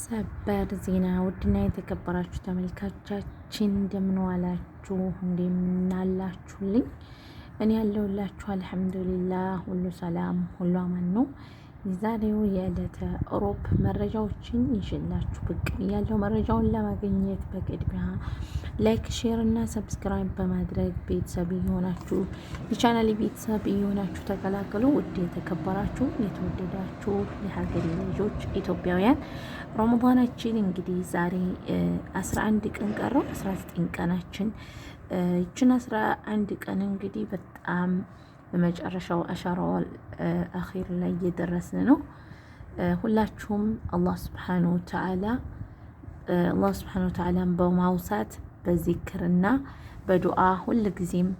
ሰበር ዜና ውድና የተከበራችሁ ተመልካቻችን እንደምንዋላችሁ እንደምናላችሁልኝ፣ እኔ ያለሁላችሁ አልሐምዱሊላህ፣ ሁሉ ሰላም፣ ሁሉ አማን ነው። የዛሬው የዕለተ ሮብ መረጃዎችን ይዤላችሁ ብቅ ብያለሁ። መረጃውን ለማግኘት በቅድሚያ ላይክ፣ ሼር እና ሰብስክራይብ በማድረግ ቤተሰብ እየሆናችሁ የቻናል ቤተሰብ እየሆናችሁ ተቀላቀሉ። ውድ የተከበራችሁ የተወደዳችሁ የሀገሬ ልጆች ኢትዮጵያውያን፣ ሮሞባናችን እንግዲህ ዛሬ አስራ አንድ ቀን ቀረው አስራ ዘጠኝ ቀናችን ይችን አስራ አንድ ቀን እንግዲህ በጣም በመጨረሻው አሻራዋል አኺር ላይ እየደረስን ነው። ሁላችሁም አላህ ስብሓነ ወተዓላ አላህ ስብሓነ ወተዓላን በማውሳት በዚክርና በዱዓ ሁልጊዜም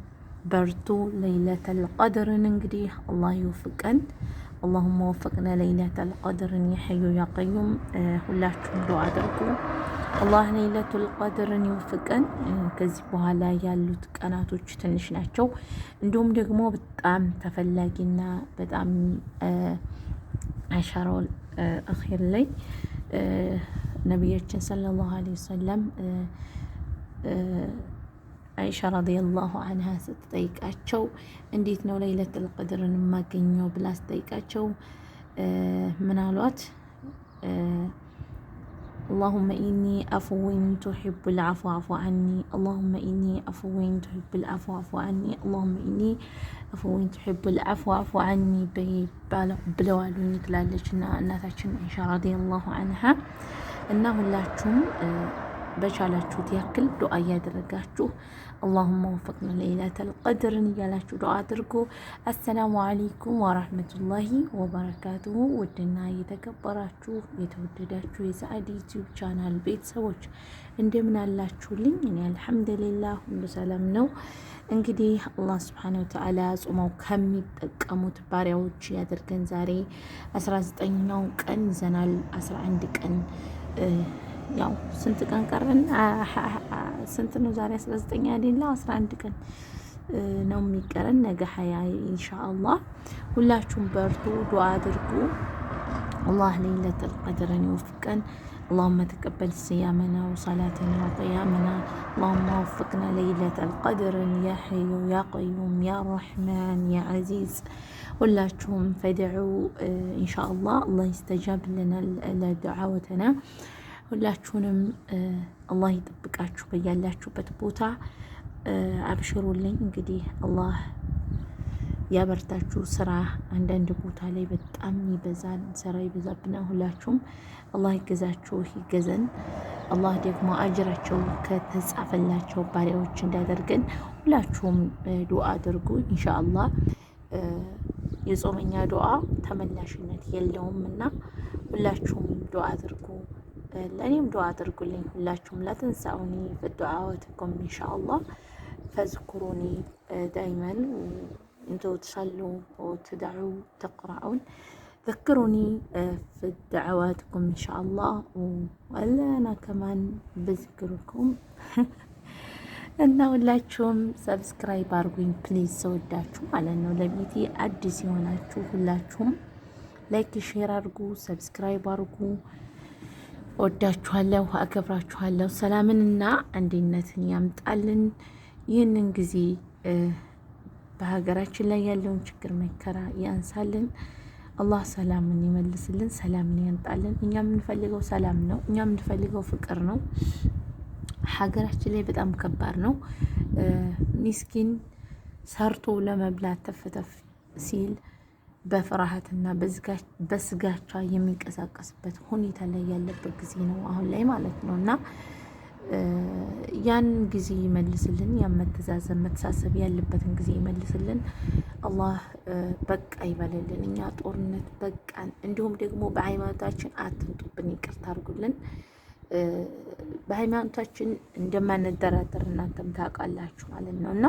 በርቱ። ለይለተል ቀድርን እንግዲህ አላህ ይወፍቀን። አላሁማ ወፍቅነ ለይለተል ቀድርን የሐዩ ያቀዩም። ሁላችሁም ዱዓ አድርጉ። አላህ ለይለቱል ቀድርን ይወፍቀን። ከዚህ በኋላ ያሉት ቀናቶች ትንሽ ናቸው። እንዲሁም ደግሞ በጣም ተፈላጊና በጣም አሻራውል አኼር ላይ ነቢያችን ሰለላሁ ዐለይሂ ወሰለም አይሻ ረዲየላሁ አንሃ ስትጠይቃቸው እንዴት ነው ለይለቱል ቀድርን የማገኘው ብላ ስትጠይቃቸው ምን አሏት? اللهم إني أفو تحب العفو عفو عني اللهم إني أفو تحب العفو عفو عني اللهم إني أفو تحب العفو عفو عني በለዋሉኝ ትላለች እና እናታችን ኢንሻ ረዲየላሁ አንሃ እና ሁላችሁም በቻላችሁት ያክል ዱዓ እያደረጋችሁ አላሁማ ወፈቅና ለይለተል ቀድርን እያላችሁ ዱዓ አድርጎ። አሰላሙ አለይኩም ወራህመቱላሂ ወበረካቱሁ። ውድና የተከበራችሁ የተወደዳችሁ የሰዓድ ዩቲዩብ ቻናል ቤተሰቦች እንደምን አላችሁልኝ? እኔ አልሐምዱሊላህ ሁሉ ሰላም ነው። እንግዲህ አላህ ስብሐነሁ ወተዓላ ጾመው ከሚጠቀሙት ባሪያዎች ያደርገን። ዛሬ 19ኛው ቀን ይዘናል 11 ቀን ያው ስንት ቀን ቀረን? ስንት ነው ዛሬ? 19 አይደል? 11 ቀን ነው የሚቀረን። ነገ ሀያ ኢንሻአላህ። ሁላችሁም በርቱ፣ ዱዓ አድርጉ። አላህ ለይለቱል ቀድርን ይወፍቀን። اللهم تقبل صيامنا وصلاتنا وقيامنا اللهم وفقنا ليلة القدر يا حي يا قيوم يا رحمن يا عزيز ሁላችሁም ፈድዑ ኢንሻአላህ አላህ ይስተጃብ ለና ለዱዓወተና ሁላችሁንም አላህ ይጠብቃችሁ በያላችሁበት ቦታ። አብሽሩልኝ እንግዲህ አላህ ያበርታችሁ። ስራ አንዳንድ ቦታ ላይ በጣም ይበዛል፣ ስራ ይበዛብና ሁላችሁም አላህ ይገዛችሁ፣ ይገዘን። አላህ ደግሞ አጅራቸው ከተጻፈላቸው ባሪያዎች እንዳደርገን ሁላችሁም ዱዓ አድርጉ ኢንሻአላህ። የጾመኛ ዱዓ ተመላሽነት የለውም እና ሁላችሁም ዱዓ አድርጉ። ለእኔም ዱዓ አድርጉልኝ ሁላችሁም ለትንሳኡኒ በዱዓወትኩም ኢንሻአላ ፈዝኩሩኒ ዳይመን እንቶ ትሰሉ ትድዑ ተቅራዑን ዘክሩኒ ፍድዓዋትኩም ኢንሻአላ ወለና ከማን ብዝክርኩም እና ሁላችሁም ሰብስክራይብ አድርጉኝ ፕሊዝ፣ ሰወዳችሁ ማለት ነው። ለቤቴ አዲስ የሆናችሁ ሁላችሁም ላይክ ሼር አድርጉ፣ ሰብስክራይብ አድርጉ። ወዳችኋለሁ፣ አከብራችኋለሁ። ሰላምንና አንድነትን ያምጣልን። ይህንን ጊዜ በሀገራችን ላይ ያለውን ችግር መከራ ያንሳልን። አላህ ሰላምን ይመልስልን፣ ሰላምን ያምጣልን። እኛ የምንፈልገው ሰላም ነው። እኛ የምንፈልገው ፍቅር ነው። ሀገራችን ላይ በጣም ከባድ ነው። ሚስኪን ሰርቶ ለመብላት ተፍተፍ ሲል በፍርሃትና በስጋቻ የሚንቀሳቀስበት ሁኔታ ላይ ያለበት ጊዜ ነው አሁን ላይ ማለት ነው እና ያን ጊዜ ይመልስልን። ያን መተዛዘን መተሳሰብ ያለበትን ጊዜ ይመልስልን። አላህ በቃ ይበለልን። እኛ ጦርነት በቃን። እንዲሁም ደግሞ በሃይማኖታችን አትምጡብን፣ ይቅርታ አድርጉልን። በሃይማኖታችን እንደማንደራደር እናንተም ታውቃላችሁ ማለት ነው እና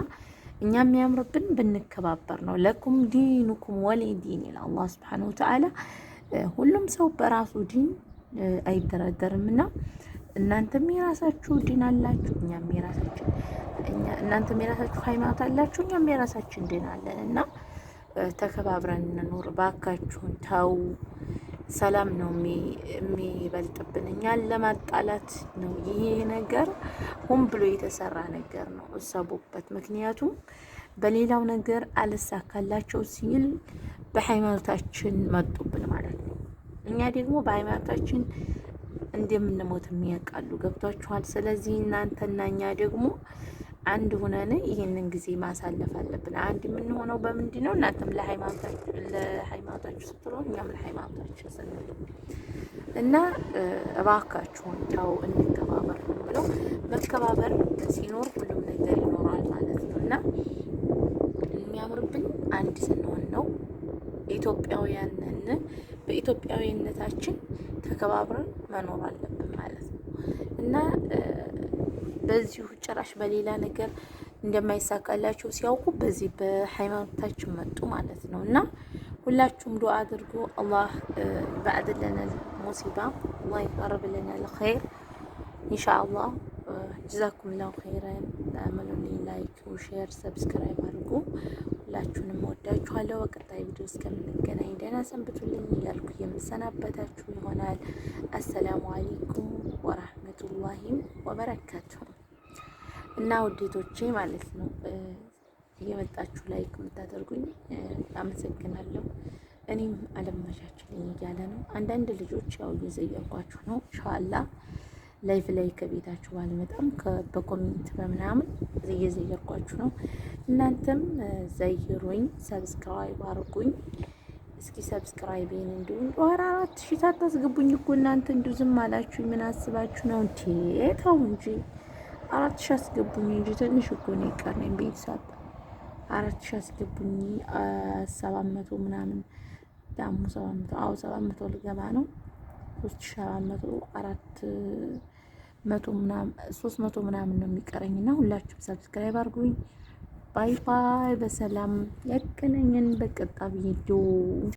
እኛ የሚያምርብን ብንከባበር ነው። ለኩም ዲኑኩም ወሌ ዲን ይላል አላህ ስብሐነሁ ወተዓላ። ሁሉም ሰው በራሱ ዲን አይደረደርም እና እናንተም የራሳችሁ ዲን አላችሁ፣ እኛም የራሳችን እናንተም የራሳችሁ ሃይማኖት አላችሁ፣ እኛም የራሳችን ዲን አለን እና ተከባብረን እንኖር ባካችሁን ተው። ሰላም ነው የሚበልጥብን። እኛን ለማጣላት ነው ይሄ ነገር፣ ሆን ብሎ የተሰራ ነገር ነው። እሰቡበት። ምክንያቱም በሌላው ነገር አልሳካላቸው ሲል በሃይማኖታችን መጡብን ማለት ነው። እኛ ደግሞ በሃይማኖታችን እንደምንሞት የሚያውቃሉ። ገብቷችኋል? ስለዚህ እናንተና እኛ ደግሞ አንድ ሁነን ይህንን ጊዜ ማሳለፍ አለብን። አንድ የምንሆነው በምንድን ነው? እናንተም ለሃይማኖታችሁ ስትሆን እኛም ለሃይማኖታችሁ ስንል እና እባካችሁን ተው እንከባበር ነው ብለው መከባበር ሲኖር ሁሉም ነገር ይኖራል ማለት ነው እና የሚያምርብን አንድ ስንሆን ነው። ኢትዮጵያውያን ነን። በኢትዮጵያዊነታችን ተከባብረን መኖር አለብን ማለት ነው እና በዚሁ ጭራሽ በሌላ ነገር እንደማይሳካላቸው ሲያውቁ በዚህ በሃይማኖታችን መጡ ማለት ነው። እና ሁላችሁም ዱአ አድርጉ። አላህ ባዕድ ሙሲባ አላህ ይቀርብልናል ኸይር ለኸይር ኢንሻአላህ። ጀዛኩም ላሁ ኸይረን። አመሉልኝ። ላይክ፣ ሼር፣ ሰብስክራይብ አድርጉ። ሁላችሁንም ወዳችኋለሁ። በቀጣይ ቪዲዮ እስከምንገናኝ ደህና ሰንብቱልኝ እያልኩ የምሰናበታችሁ ይሆናል። አሰላሙ አለይኩም ወራህመቱላህ ወራህመቱላሂ ወበረካቱ እና ውዴቶቼ ማለት ነው እየመጣችሁ ላይክ የምታደርጉኝ አመሰግናለሁ። እኔም አለመሻችልኝ እያለ ነው። አንዳንድ ልጆች ያው እየዘየርኳችሁ ነው። ኢንሻአላ ላይፍ ላይ ከቤታችሁ ባልመጣም በኮሜንት በምናምን እየዘየርኳችሁ ነው። እናንተም ዘይሩኝ፣ ሰብስክራይብ አድርጉኝ። እስኪ ሰብስክራይቤን እንዲሁም ኧረ አራት ሺህ ታታስገቡኝ እኮ እናንተ እንዲሁ ዝም አላችሁ። ምን አስባችሁ ነው? እንቴ ተው እንጂ አራት ሺህ አስገቡኝ እንጂ ትንሽ እኮ ነው የቀረኝ ቤተሰብ አራት ሺህ አስገቡኝ። ሰባት መቶ ምናምን ዳሙ ሰባት መቶ አዎ ሰባት መቶ ልገባ ነው። ሶስት ሺ ሰባት መቶ አራት መቶ ምናምን ሶስት መቶ ምናምን ነው የሚቀረኝ እና ሁላችሁም ሰብስክራይብ አድርጉኝ። ባይ ባይ። በሰላም ያገናኘን በቀጣ ቪዲዮ